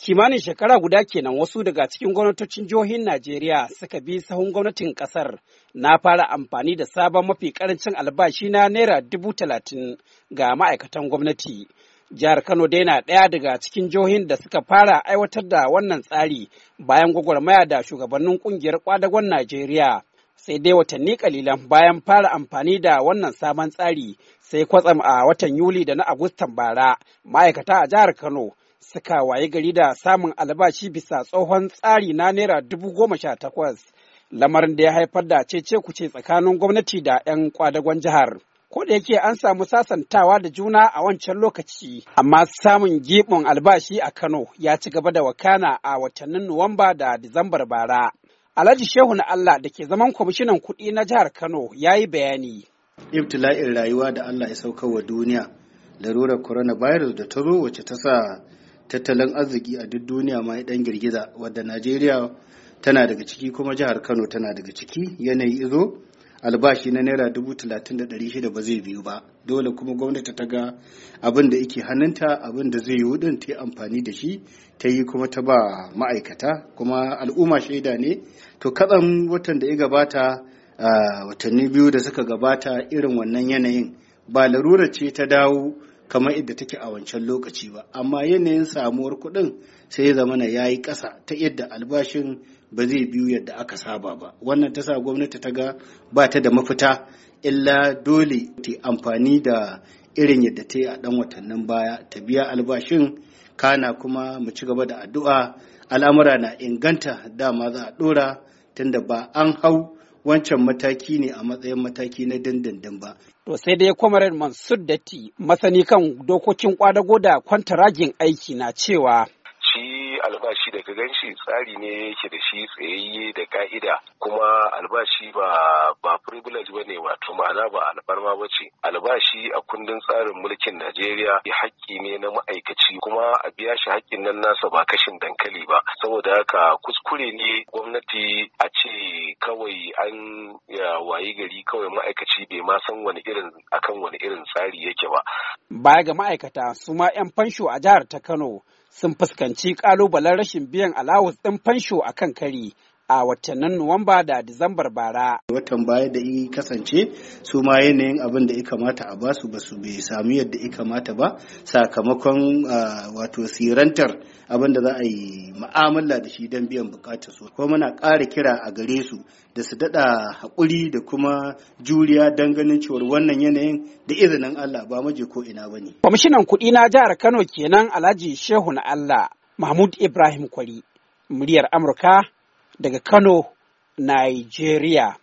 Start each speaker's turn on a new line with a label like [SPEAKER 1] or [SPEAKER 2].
[SPEAKER 1] Kimanin shekara guda kenan wasu daga cikin gwamnatocin jihohin Najeriya suka bi sahun gwamnatin kasar na fara amfani da sabon mafi karancin albashi na Naira dubu talatin ga ma'aikatan gwamnati. Jihar Kano dai na ɗaya daga cikin jihohin da suka fara aiwatar da wannan tsari bayan gwagwarmaya da shugabannin ƙungiyar kwadagon Najeriya. sai dai watanni kalilan bayan fara amfani da wannan sabon tsari sai kwatsam a watan yuli da na agustan bara ma'aikata a jihar kano suka waye gari da samun albashi bisa tsohon tsari na naira dubu goma sha takwas lamarin da ya haifar da cece kuce tsakanin gwamnati da 'yan kwadagon jihar. Ko da yake an samu sasantawa da juna a wancan lokaci, amma samun gibin albashi a Kano ya ci gaba da wakana a watannin Nuwamba da Disambar bara. Alhaji Shehu na Allah da ke zaman kwamishinan kuɗi na jihar Kano ya yi bayani. Ibtila'in rayuwa da Allah ya sauka wa duniya, larurar coronavirus da ta zo wacce ta sa tattalin
[SPEAKER 2] arziki a duk duniya ma ya dan girgiza wadda najeriya tana daga ciki kuma jihar kano tana daga ciki yanayi izo albashi na naira dubu talatin da dari shida ba zai biyu ba dole kuma gwamnati ta ga abin da ike hannunta abin da zai yiwu din ta yi amfani da shi ta yi kuma ta ba ma'aikata kuma al'umma shaida ne to katsan watan da ya gabata ah, watanni biyu da suka gabata irin wannan yanayin ba larura ce ta dawo kamar yadda take a wancan lokaci ba amma yanayin samuwar kuɗin sai ya zamana ya yi ƙasa ta yadda albashin ba zai biyu yadda aka saba ba wannan ta sa gwamnati ta ga ba ta da mafita illa dole ta amfani da irin yadda ta yi a ɗan watannin baya ta biya albashin kana kuma mu ci gaba da addu'a al'amura na inganta dama za a ɗora tunda ba an hau wancan mataki ne a matsayin mataki na dindindin ba.
[SPEAKER 1] To sai dai kwamarin Mansur Datti masani kan dokokin kwadago da kwantaragin aiki na cewa.
[SPEAKER 3] Shi albashi daga ganshi tsari ne yake da shi tsayayye da ka'ida kuma albashi ba ba privilege ba ne wato ma'ana ba alfarma ba ce albashi a kundin tsarin mulkin Najeriya ya haƙƙi ne na ma'aikaci kuma a biya shi haƙƙin nan nasa ba kashin dankali ba saboda haka kuskure ne gwamnati a ce an wayi gari kawai ma'aikaci bai ma san wani irin akan wani irin tsari yake ba.
[SPEAKER 1] Baya ga ma'aikata su ma 'yan fansho a jihar ta Kano sun fuskanci ƙalubalen rashin biyan alawus ɗin fansho a kan kari a watannin Nuwamba da Disambar bara. Watan baya da yi
[SPEAKER 2] kasance
[SPEAKER 1] su ma yanayin abin da ya kamata a basu
[SPEAKER 2] ba su bai sami yadda ya kamata ba sakamakon wato sirantar abin da za a yi ma'amala da shi don biyan bukatar su. Kuma muna ƙara kira a gare su da su daɗa haƙuri da kuma juriya don ganin cewar wannan yanayin da izinin Allah ba maje ko ina ba ne.
[SPEAKER 1] Kwamishinan kuɗi na jihar Kano kenan Alhaji Shehu na Allah Mahmud Ibrahim Kwari, muryar Amurka daga Kano, Nigeria.